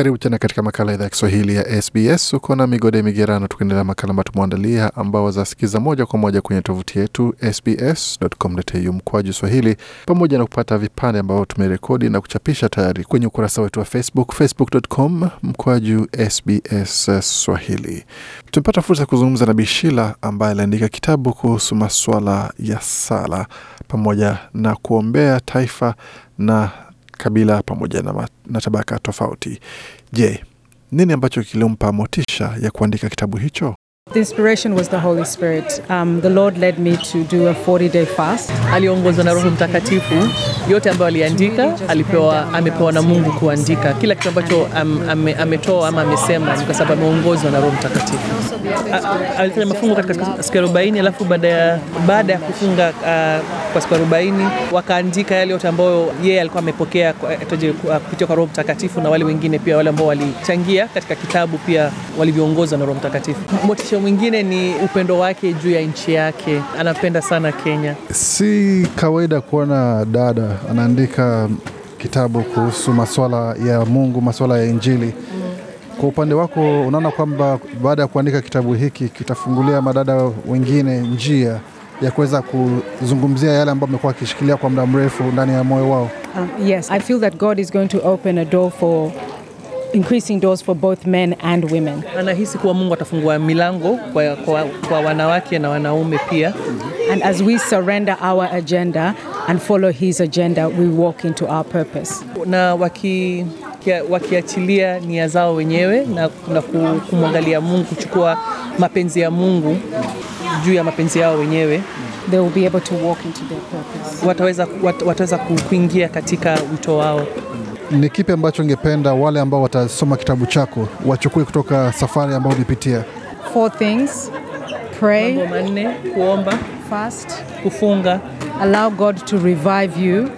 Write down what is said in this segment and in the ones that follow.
Karibu tena katika makala idhaa ya Kiswahili ya SBS. Uko na Migode Migerano tukiendelea makala ambayo tumeandalia, ambao wazasikiza moja kwa moja kwenye tovuti yetu sbs.com.au mkwaju swahili, pamoja na kupata vipande ambavyo tumerekodi na kuchapisha tayari kwenye ukurasa wetu wa Facebook, facebook.com mkwaju SBS Swahili. Tumepata fursa ya kuzungumza na Bishila ambaye aliandika kitabu kuhusu maswala ya sala pamoja na kuombea taifa na kabila pamoja na, na tabaka tofauti. Je, nini ambacho kilimpa motisha ya kuandika kitabu hicho? Aliongozwa na Roho Mtakatifu. Yote ambayo aliandika alipewa, amepewa na Mungu kuandika kila kitu ambacho am, ametoa ama amesema, kwa sababu ameongozwa na Roho Mtakatifu. Alifanya mafungo katika siku 40, alafu baada ya baada ya kufunga uh, kwa siku 40 wakaandika yale yote ambayo yeye alikuwa amepokea kupitia kwa Roho Mtakatifu na wale wengine pia wale ambao walichangia katika kitabu pia walivyoongozwa na Roho Mtakatifu. Motisha mwingine ni upendo wake juu ya nchi yake, anapenda sana Kenya. Si kawaida kuona dada anaandika kitabu kuhusu maswala ya Mungu, maswala ya Injili mm. Kwa upande wako unaona kwamba baada ya kuandika kitabu hiki kitafungulia madada wengine njia ya kuweza kuzungumzia yale ambayo amekuwa akishikilia kwa muda mrefu ndani ya moyo wao? Um, yes, I feel that God is going to open a door for increasing doors for both men and women. Anahisi kuwa Mungu atafungua milango kwa, kwa, kwa wanawake na wanaume pia. And as we surrender our agenda and follow his agenda, we walk into our purpose. Na waki wakiachilia nia zao wenyewe na, na kumwangalia Mungu, kuchukua mapenzi ya Mungu juu ya mapenzi yao wenyewe They will be able to walk into their purpose. Wataweza, wat, wataweza kuingia katika wito wao ni kipi ambacho ungependa wale ambao watasoma kitabu chako wachukue kutoka safari ambayo ulipitia? Four things. Pray. Mambo manne: kuomba, fast, kufunga, allow God to revive you,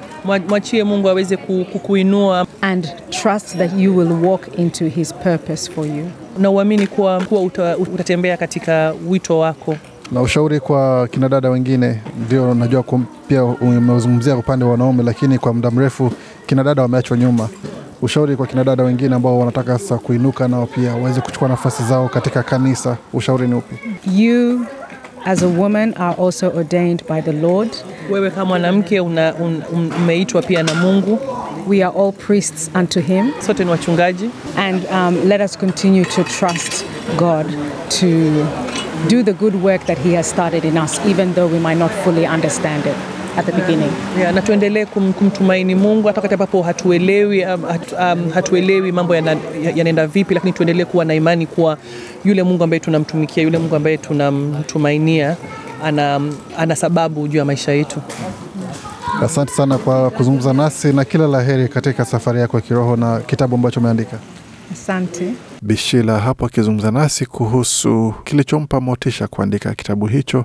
mwachie Mungu aweze kukuinua, and trust that you will walk into his purpose for you, na uamini kuwa, kuwa uta, utatembea katika wito wako na ushauri kwa kinadada wengine. Ndio, najua pia umezungumzia upande wa wanaume, lakini kwa muda mrefu kina dada wameachwa nyuma. Ushauri kwa kina dada wengine ambao wanataka sasa kuinuka nao pia waweze kuchukua nafasi zao katika kanisa, ushauri ni upi? You as a woman are also ordained by the Lord. Wewe kama mwanamke umeitwa un, pia na Mungu. We are all priests unto him. Sote ni wachungaji. And um, let us continue to trust God to do the good work that he has started in us even though we might not fully understand it at the beginning. Yeah, na tuendelee kum, kumtumaini Mungu hata wakati ambapo hatuelewi, um, um, hatuelewi mambo yanaenda ya vipi, lakini tuendelee kuwa na imani kuwa yule Mungu ambaye tunamtumikia, yule Mungu ambaye tunamtumainia ana, ana sababu juu ya maisha yetu. Asante sana kwa kuzungumza nasi na kila la heri katika safari yako ya kiroho na kitabu ambacho umeandika. Asante. Bishila hapo akizungumza nasi kuhusu kilichompa motisha kuandika kitabu hicho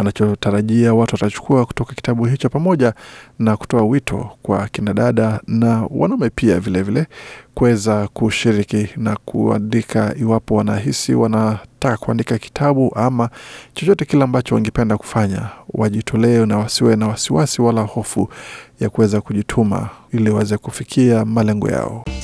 anachotarajia watu watachukua kutoka kitabu hicho, pamoja na kutoa wito kwa kinadada na wanaume pia vilevile kuweza kushiriki na kuandika iwapo wanahisi wanataka kuandika kitabu ama chochote kile ambacho wangependa kufanya, wajitolee na wasiwe na wasiwasi wala hofu ya kuweza kujituma ili waweze kufikia malengo yao.